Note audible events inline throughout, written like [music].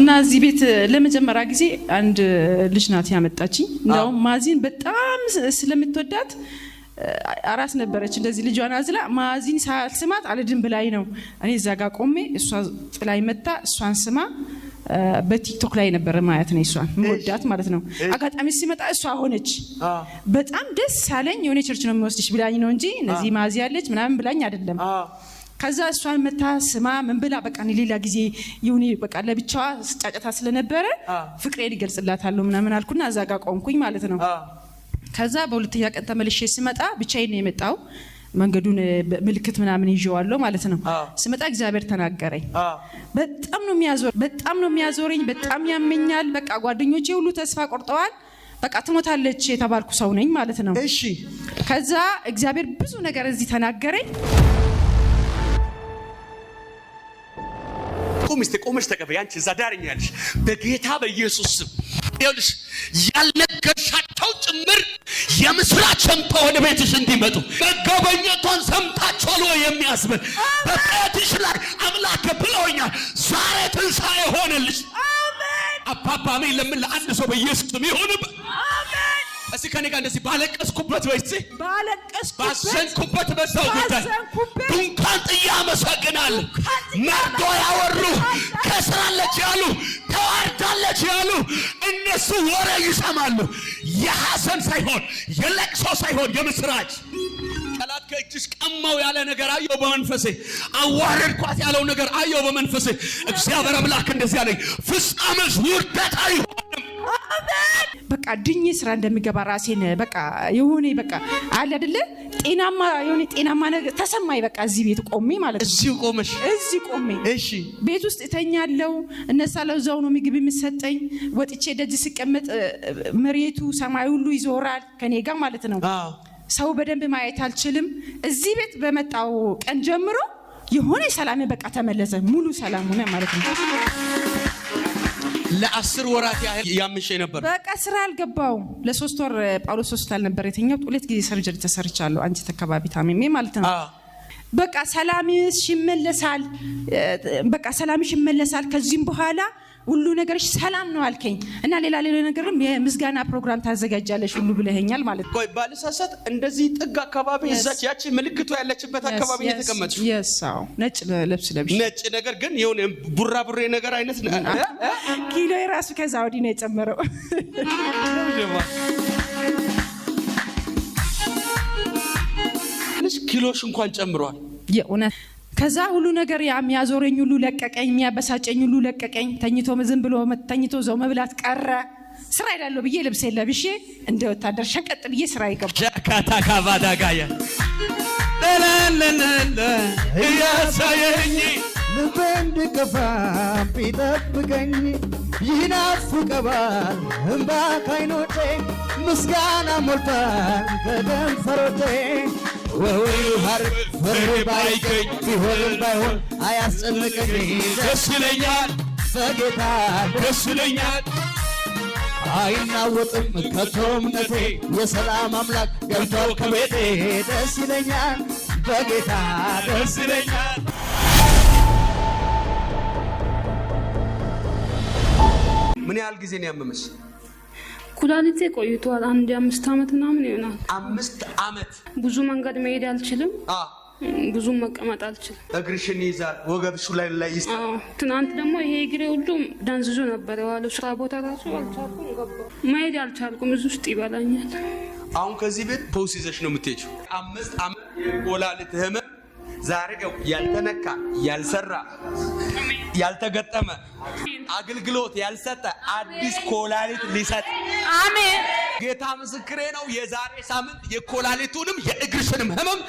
እና እዚህ ቤት ለመጀመሪያ ጊዜ አንድ ልጅ ናት ያመጣችኝ። እንዲሁም ማዚን በጣም ስለምትወዳት አራስ ነበረች። እንደዚህ ልጇን አዝላ ማዚን ሳልስማት አልድን ብላይ ነው እኔ እዛ ጋር ቆሜ እሷ ጥላይ መታ እሷን ስማ በቲክቶክ ላይ ነበረ ማየት ነው እሷን መወዳት ማለት ነው። አጋጣሚ ሲመጣ እሷ ሆነች። በጣም ደስ አለኝ። የሆነ ቸርች ነው የሚወስድሽ ብላኝ ነው እንጂ እነዚህ ማዚ ያለች ምናምን ብላኝ አይደለም ከዛ እሷ መታ ስማ ምን ብላ በቃ ሌላ ጊዜ ይሁን በቃ ለብቻዋ ጫጫታ ስለነበረ ፍቅሬን ይገልጽላታለሁ ምናምን አልኩና እዛ ጋ ቆምኩኝ ማለት ነው። ከዛ በሁለተኛ ቀን ተመልሼ ስመጣ ብቻዬን ነው የመጣው። መንገዱን ምልክት ምናምን ይዤዋለሁ ማለት ነው። ስመጣ እግዚአብሔር ተናገረኝ። በጣም ነው የሚያዞር በጣም ነው የሚያዞረኝ። በጣም ያመኛል። በቃ ጓደኞቼ ሁሉ ተስፋ ቆርጠዋል። በቃ ትሞታለች የተባልኩ ሰው ነኝ ማለት ነው። እሺ። ከዛ እግዚአብሔር ብዙ ነገር እዚህ ተናገረኝ። ቁም እስቲ ቁምሽ ተቀበይ። አንቺ እዛ ዳርኛ በጌታ በኢየሱስ ስም ይኸውልሽ፣ ያልነገርሻቸው ጭምር የምስራች ሰምተው ወደ ቤትሽ እንዲመጡ መጎብኘቷን ሰምታቸው ወይ የሚያስብል በቤትሽ ላይ አምላክ ብለውኛል። ዛሬ ትንሣኤ ሆነልሽ። አባባሚ ለምን ለአንድ ሰው በኢየሱስ ስም ይሁንብ እስቲ ከኔ ጋር እንደዚህ ባለቀስኩበት፣ ወይ ባለቀስኩበት፣ ባዘንኩበት በዛው ጉዳይ ያሉ መርዶ ያወሩ ከስራለች ያሉ ተዋርዳለች ያሉ እነሱ ወሬ ይሰማሉ። የሐዘን ሳይሆን የለቅሶ ሳይሆን የምስራች ጠላት ከእጅሽ ቀማው ያለ ነገር አየው በመንፈሴ አዋረድኳት ያለው ነገር አየው በመንፈሴ እግዚአብሔር አምላክ እንደዚህ አለኝ፣ ፍጻሜሽ ውርደት አይሆን ድኝ ስራ እንደሚገባ ራሴን በቃ የሆነ በቃ አለ አደለ ጤናማ የሆነ ጤናማ ነገር ተሰማኝ። በቃ እዚህ ቤት ቆሜ ማለት ነው። እዚህ ቆመሽ እዚህ ቆሜ እሺ፣ ቤት ውስጥ እተኛለሁ፣ እነሳለሁ። እዛው ነው ምግብ የምሰጠኝ። ወጥቼ ደጅ ስቀመጥ መሬቱ ሰማይ ሁሉ ይዞራል ከኔ ጋር ማለት ነው። ሰው በደንብ ማየት አልችልም። እዚህ ቤት በመጣው ቀን ጀምሮ የሆነ ሰላም በቃ ተመለሰ። ሙሉ ሰላም ሆነ ማለት ነው። ለአስር ወራት ያህል ያምሸ ነበር። በቃ ስራ አልገባው። ለሶስት ወር ጳውሎስ ሆስፒታል ነበር የተኛው። ሁለት ጊዜ ሰርጀሪ ተሰርቻለሁ። አንቺ ተከባቢ ታምሜ ማለት ነው በቃ ሰላምሽ ይመለሳል፣ በቃ ሰላምሽ ይመለሳል። ከዚህም በኋላ ሁሉ ነገርሽ ሰላም ነው አልከኝ እና ሌላ ሌላ ነገርም የምስጋና ፕሮግራም ታዘጋጃለሽ ሁሉ ብለኸኛል ማለት ነው። ቆይ ባልሳሳት እንደዚህ ጥግ አካባቢ እዛች ያቺ ምልክቱ ያለችበት አካባቢ እየተቀመጥሽ ነጭ ልብስ ለብሽ፣ ነጭ ነገር ግን የሆነ ቡራቡሬ ነገር አይነት ኪሎ የራሱ ከዛ ወዲህ ነው የጨመረው። [laughs] ኪሎሽ እንኳን ጨምሯል። የእውነት ከዛ ሁሉ ነገር የሚያዞረኝ ሁሉ ለቀቀኝ፣ የሚያበሳጨኝ ሁሉ ለቀቀኝ። ተኝቶ ዝም ብሎ ተኝቶ ዘው መብላት ቀረ። ስራ ይላለሁ ብዬ ልብስ ለብሼ እንደ ወታደር ሸቀጥ ብዬ ስራ ይገባ እያሳየኝ ልቤ እንድገፋ ቢጠብቀኝ ይናፍቀባል እምባ ካይኖቴ ምስጋና ሞልቷል ከደንፈሮቼ ወሬ ሀር ወሬ ባይገኝ ቢሆንም ባይሆን አያስጨንቀኝ ደስ ይለኛል በጌታ ደስ ይለኛል አይናወጥም ከቶ እምነቴ የሰላም አምላክ ገብቷል ከቤቴ ደስ ይለኛል በጌታ ደስ ይለኛል ምን ያህል ጊዜ ነው ያመመሽ ኩላሊቴ ቆይቷል። አንድ አምስት አመት ምናምን ይሆናል። አምስት አመት ብዙ መንገድ መሄድ አልችልም። ብዙ መቀመጥ አልችልም። እግርሽን ይይዛል፣ ወገብሱ ላይ ላይ ይስ ትናንት ደግሞ ይሄ እግሬ ሁሉም ደንዝዞ ነበር የዋለው። ስራ ቦታ ራሱ አልቻልኩም፣ መሄድ አልቻልኩም። እዚህ ውስጥ ይበላኛል። አሁን ከዚህ ቤት ፖስ ይዘሽ ነው የምትሄጂው። አምስት አመት የኩላሊት ህመም ዛሬ ያልተነካ ያልሰራ ያልተገጠመ አገልግሎት ያልሰጠ አዲስ ኮላሊት ሊሰጥ አሜን። ጌታ ምስክሬ ነው። የዛሬ ሳምንት የኮላሊቱንም የእግርሽንም ህመም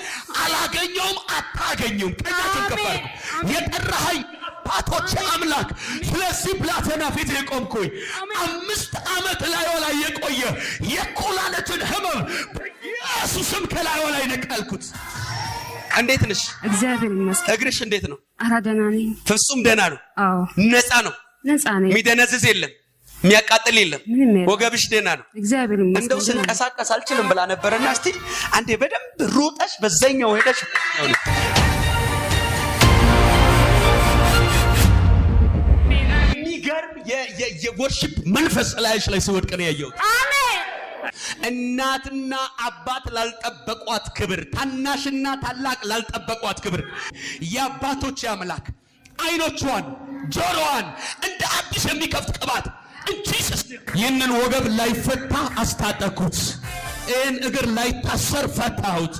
አላገኘውም፣ አታገኘውም። ቀኛችን ከፈርኩ የጠራኸኝ አባቶች አምላክ ስለዚህ ብላቴና ፊት የቆምኩኝ አምስት ዓመት ላይ ላይ የቆየ የኮላለትን ህመም በኢየሱስም ከላዩ ላይ ነቀልኩት። እንዴት ነሽ? እግዚአብሔር ይመስገን። እግርሽ እንዴት ነው? ኧረ ደህና ነኝ። ፍጹም ደህና ነው። አዎ ነፃ ነው። ነፃ ነኝ። የሚደነዝዝ የለም፣ የሚያቃጥል የለም። ወገብሽ ደህና ነው። እግዚአብሔር ይመስገን። እንደው ስንቀሳቀስ አልችልም ብላ ነበርና እስቲ አንዴ በደንብ ሩጠሽ በዘኛው ሄደሽ የሚገርም የወርሺፕ መንፈስ ላይሽ ላይ ሲወድቅ ነው ያየሁት። እናትና አባት ላልጠበቋት ክብር፣ ታናሽና ታላቅ ላልጠበቋት ክብር የአባቶች አምላክ አይኖቿን ጆሮዋን እንደ አዲስ የሚከፍት ቅባት እንጂ ይህንን ወገብ ላይፈታ አስታጠኩት ይህን እግር ላይታሰር ፈታሁት።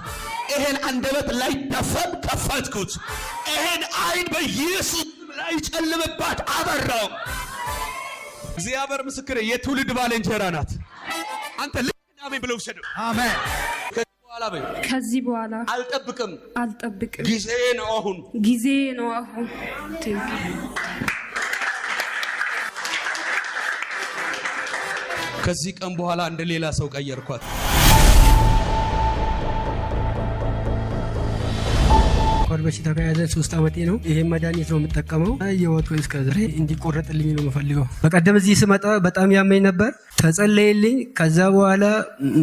ይህን አንደበት ላይደፈን ከፈትኩት። ይህን አይን በኢየሱስ ላይጨልምባት አበራው። እግዚአብሔር ምስክር የትውልድ ባለንጀራ ናት አንተ አሜን ብለው ውሰዱ። አሜን። ከዚህ በኋላ አልጠብቅም አልጠብቅም። ጊዜ ነው አሁን፣ ጊዜ ነው አሁን። ከዚህ ቀን በኋላ እንደ ሌላ ሰው ቀየርኳት። ከባድ በሽታ ከያዘ ሶስት አመቴ ነው። ይሄ መድኃኒት ነው የምጠቀመው። የወቱ እስከ ዛሬ እንዲቆረጥልኝ ነው የምፈልገው። በቀደም እዚህ ስመጣ በጣም ያመኝ ነበር፣ ተጸለየልኝ። ከዛ በኋላ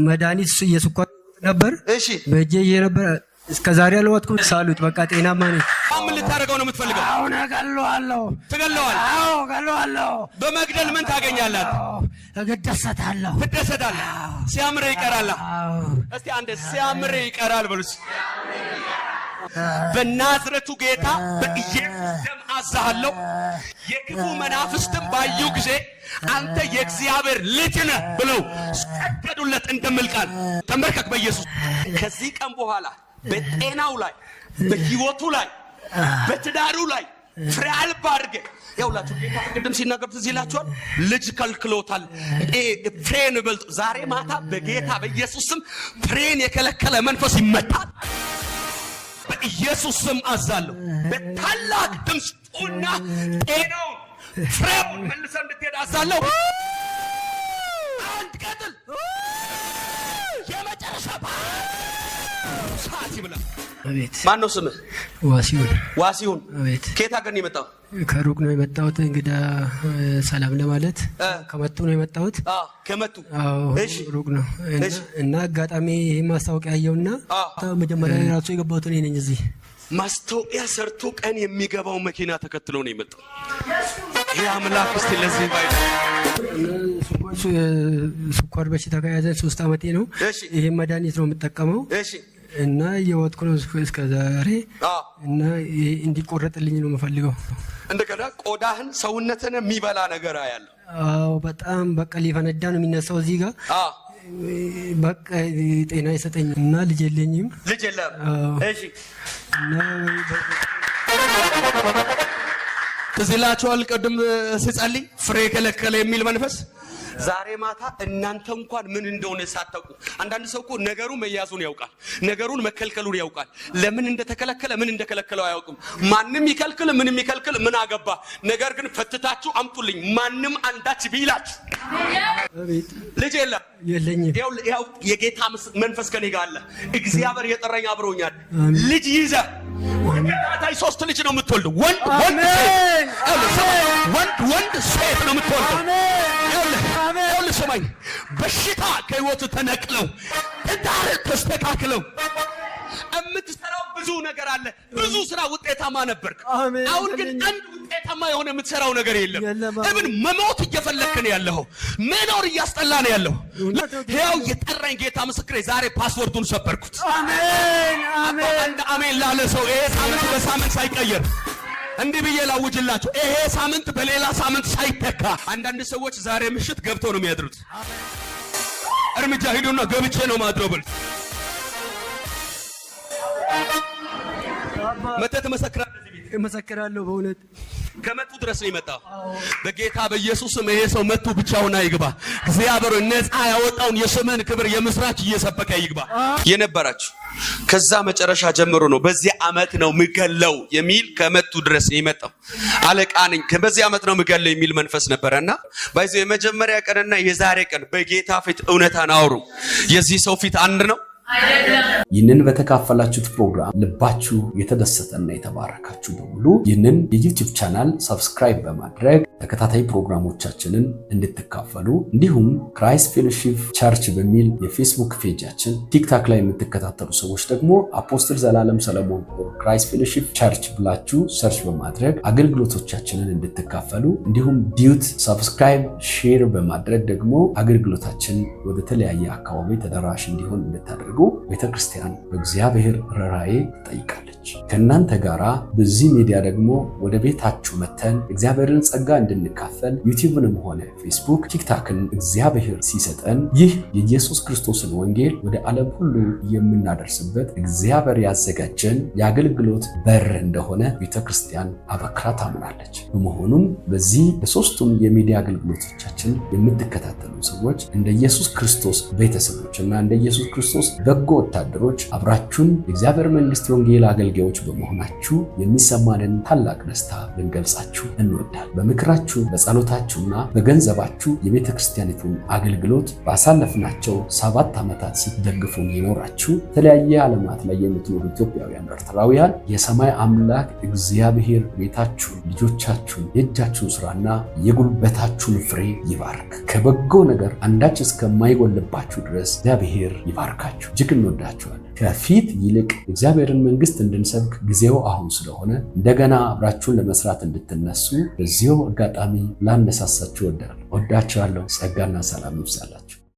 መድኃኒት የስኳር ነበር እሺ፣ በእጄ ነበር እስከ ዛሬ አልዋጥኩም። ሳሉት በቃ ጤናማ ነኝ። አሁን ልታደርገው ነው የምትፈልገው? አሁን እገለዋለሁ። ትገለዋለህ? አዎ እገለዋለሁ። በመግደል ምን ታገኛላት? እደሰታለሁ። ትደሰታለህ? ሲያምር ይቀራል። እስቲ አንዴ ሲያምር ይቀራል በሉስ በናዝረቱ ጌታ በኢየሱስ ደም አዛሃለሁ። የክፉ መናፍስትም ባዩ ጊዜ አንተ የእግዚአብሔር ልጅ ነህ ብለው ሰገዱለት እንደሚል ቃል ተመልከክ። በኢየሱስ ከዚህ ቀን በኋላ በጤናው ላይ በህይወቱ ላይ በትዳሩ ላይ ፍሬ አልባ አድርገ ያውላችሁ ጌታ ቅድም ሲናገር ትዝ ይላችኋል። ልጅ ከልክሎታል፣ ፍሬን በልጦ ዛሬ ማታ በጌታ በኢየሱስ ስም ፍሬን የከለከለ መንፈስ ይመታል። በኢየሱስ ስም አዛለሁ። በታላቅ ድምፅ ጡና ጤናውን ፍሬውን መልሰህ እንድትሄድ አዛለሁ። አንድ ቀጥል የመጨረሻ ሰዓት ይብላል። ማን ነው ስምህ? ዋሲሁን ዋሲሁን። ከየት ሀገር ነው የመጣው? ከሩቅ ነው የመጣሁት። እንግዳ ሰላም ለማለት ከመቱ ነው የመጣሁት። ከመቱ ሩቅ ነው እና አጋጣሚ ይህ ማስታወቂያ ያየውና መጀመሪያ ራሱ የገባሁት እኔ ነኝ። እዚህ ማስታወቂያ ሰርቶ ቀን የሚገባው መኪና ተከትሎ ነው የመጣው። ይህ አምላክ ስ ለዚህ ባይ ስኳር በሽታ ከያዘን ሶስት አመቴ ነው። ይህ መድኃኒት ነው የምጠቀመው እና የወጥኩ ነው እስከ ዛሬ እና እንዲቆረጥልኝ ነው የምፈልገው። እንደገና ቆዳህን ሰውነትን የሚበላ ነገር ያለ አዎ፣ በጣም በቃ ሊፈነዳ ነው የሚነሳው እዚህ ጋር በቃ ጤና ይሰጠኝ እና ልጅ የለኝም ልጅ የለም እና ትዝ ይላችኋል። ቅድም ስጸልይ ፍሬ የከለከለ የሚል መንፈስ ዛሬ ማታ እናንተ እንኳን ምን እንደሆነ ሳታውቁ፣ አንዳንድ ሰው እኮ ነገሩ መያዙን ያውቃል፣ ነገሩን መከልከሉን ያውቃል። ለምን እንደተከለከለ ምን እንደከለከለው አያውቅም። ማንም ይከልክል ምንም ይከልክል ምን አገባ። ነገር ግን ፈትታችሁ አምጡልኝ ማንም አንዳች ቢላችሁ ልጅ የለም የለኝም። ያው የጌታ መንፈስ ከኔ ጋር አለ። እግዚአብሔር የጠራኝ አብረውኛል። ልጅ ይዘህ ተከታታይ ሶስት ልጅ ነው የምትወልደው። ወንድ ወንድ ወንድ ወንድ ሴት ነው የምትወልደው። ስማኝ፣ በሽታ ከህይወት ተነቅለው ትዳር ተስተካክለው የምትሰራው ብዙ ነገር አለ። ብዙ ስራ ውጤታማ ነበርክ። አሁን ግን አንድ ውጤታማ የሆነ የምትሰራው ነገር የለም። እብን መሞት እየፈለግክ ነው መኖር እያስጠላ ነው ያለው። ያው የጠራኝ ጌታ ምስክሬ ዛሬ ፓስወርዱን ሰበርኩት። አሜን አሜን። አንድ አሜን ላለ ሰው ይሄ ሳምንት በሳምንት ሳይቀየር እንዲህ ብዬ ላውጅላችሁ፣ ይሄ ሳምንት በሌላ ሳምንት ሳይተካ። አንዳንድ ሰዎች ዛሬ ምሽት ገብተው ነው የሚያድሩት። እርምጃ ሂዱና ገብቼ ነው ማድረው ብል መተህ ትመሰክራለህ። እመሰክራለሁ በእውነት ከመቱ ድረስ ነው የመጣው። በጌታ በኢየሱስም ይሄ ሰው መቱ ብቻውን አይግባ። እግዚአብሔር ነፃ ያወጣውን የስምህን ክብር የምስራች እየሰበከ ይግባ። የነበራችሁ ከዛ መጨረሻ ጀምሮ ነው በዚህ አመት ነው ምገለው የሚል ከመቱ ድረስ ነው የመጣው። አለቃ ነኝ በዚህ አመት ነው ምገለው የሚል መንፈስ ነበረና ባይዘው የመጀመሪያ ቀንና የዛሬ ቀን በጌታ ፊት እውነታን አውሩ። የዚህ ሰው ፊት አንድ ነው። ይህንን በተካፈላችሁት ፕሮግራም ልባችሁ የተደሰተና የተባረካችሁ በሙሉ ይህንን የዩቲዩብ ቻናል ሰብስክራይብ በማድረግ ተከታታይ ፕሮግራሞቻችንን እንድትካፈሉ እንዲሁም ክራይስት ፌሎሺፕ ቸርች በሚል የፌስቡክ ፔጃችን፣ ቲክታክ ላይ የምትከታተሉ ሰዎች ደግሞ አፖስትል ዘላለም ሰለሞን ክራይስት ፌሎሺፕ ቸርች ብላችሁ ሰርች በማድረግ አገልግሎቶቻችንን እንድትካፈሉ እንዲሁም ዲዩት ሰብስክራይብ፣ ሼር በማድረግ ደግሞ አገልግሎታችን ወደ ተለያየ አካባቢ ተደራሽ እንዲሆን እንድታደርጉ እንድታደርጉ ቤተ ክርስቲያን በእግዚአብሔር ረራዬ ትጠይቃለች። ከእናንተ ጋራ በዚህ ሚዲያ ደግሞ ወደ ቤታችሁ መተን እግዚአብሔርን ጸጋ እንድንካፈል ዩቲዩብንም ሆነ ፌስቡክ፣ ቲክታክን እግዚአብሔር ሲሰጠን ይህ የኢየሱስ ክርስቶስን ወንጌል ወደ ዓለም ሁሉ የምናደርስበት እግዚአብሔር ያዘጋጀን የአገልግሎት በር እንደሆነ ቤተ ክርስቲያን አበክራ ታምናለች። በመሆኑም በዚህ በሶስቱም የሚዲያ አገልግሎቶቻችን የምትከታተሉ ሰዎች እንደ ኢየሱስ ክርስቶስ ቤተሰቦች እና እንደ ኢየሱስ ክርስቶስ በጎ ወታደሮች፣ አብራችሁን የእግዚአብሔር መንግስት ወንጌል አገልጋዮች በመሆናችሁ የሚሰማንን ታላቅ ደስታ ልንገልጻችሁ እንወዳል። በምክራችሁ በጸሎታችሁና በገንዘባችሁ የቤተ ክርስቲያኒቱን አገልግሎት ባሳለፍናቸው ሰባት ዓመታት ስትደግፉን ይኖራችሁ የተለያየ ዓለማት ላይ የምትኖሩ ኢትዮጵያውያን፣ ኤርትራውያን የሰማይ አምላክ እግዚአብሔር ቤታችሁን፣ ልጆቻችሁን፣ የእጃችሁን ስራና የጉልበታችሁን ፍሬ ይባርክ። ከበጎ ነገር አንዳች እስከማይጎልባችሁ ድረስ እግዚአብሔር ይባርካችሁ። እጅግ እንወዳችኋለን። ከፊት ይልቅ እግዚአብሔርን መንግስት እንድንሰብክ ጊዜው አሁን ስለሆነ እንደገና አብራችሁን ለመስራት እንድትነሱ በዚሁ አጋጣሚ ላነሳሳችሁ ወዳለሁ። ወዳችኋለሁ። ጸጋና ሰላም ይብዛላችሁ።